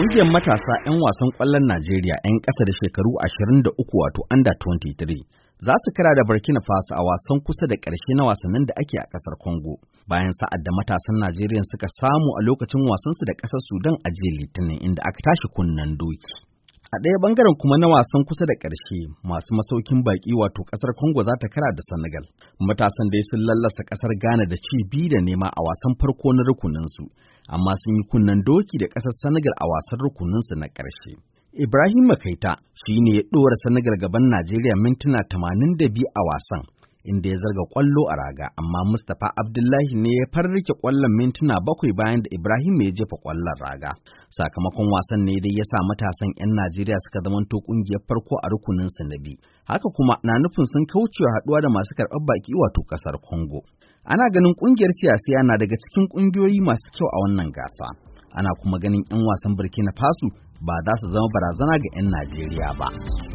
Ƙungiyar matasa 'yan wasan ƙwallon Najeriya 'yan ƙasa da shekaru 23 wato under 23 za su kira da Burkina Faso a wasan kusa da ƙarshe na wasannin da ake a ƙasar Congo bayan sa'ad da matasan Najeriya suka samu a lokacin wasansu da ƙasar Sudan a jiya Litinin inda aka tashi kunnen doki. A ɗaya ɓangaren kuma na wasan kusa da ƙarshe masu masaukin baƙi wato ƙasar Kongo za ta kara da sanagal, Matasan dai sun lallasa ƙasar Ghana da ci bi da nema a wasan farko na rukuninsu, amma sun yi kunnen doki da ƙasar sanagal a wasan rukuninsu na ƙarshe. Ibrahim Makaita shi ne ya ɗora sanagal gaban Najeriya mintuna tamanin da biyu a wasan, inda ya zarga kwallo a raga amma Mustapha Abdullahi ne ya farrike kwallon mintuna bakwai bayan da Ibrahim ya jefa kwallon raga. Sakamakon wasan ne dai ya sa matasan 'yan Najeriya suka zamanto kungiyar farko a rukunin su na bi. Haka kuma na nufin sun kaucewa haɗuwa da masu karɓar baki wato ƙasar Congo. Ana ganin ƙungiyar siyasiya na daga cikin ƙungiyoyi masu kyau a wannan gasa. Ana kuma ganin 'yan wasan Burkina Faso ba za su zama barazana ga 'yan Najeriya ba.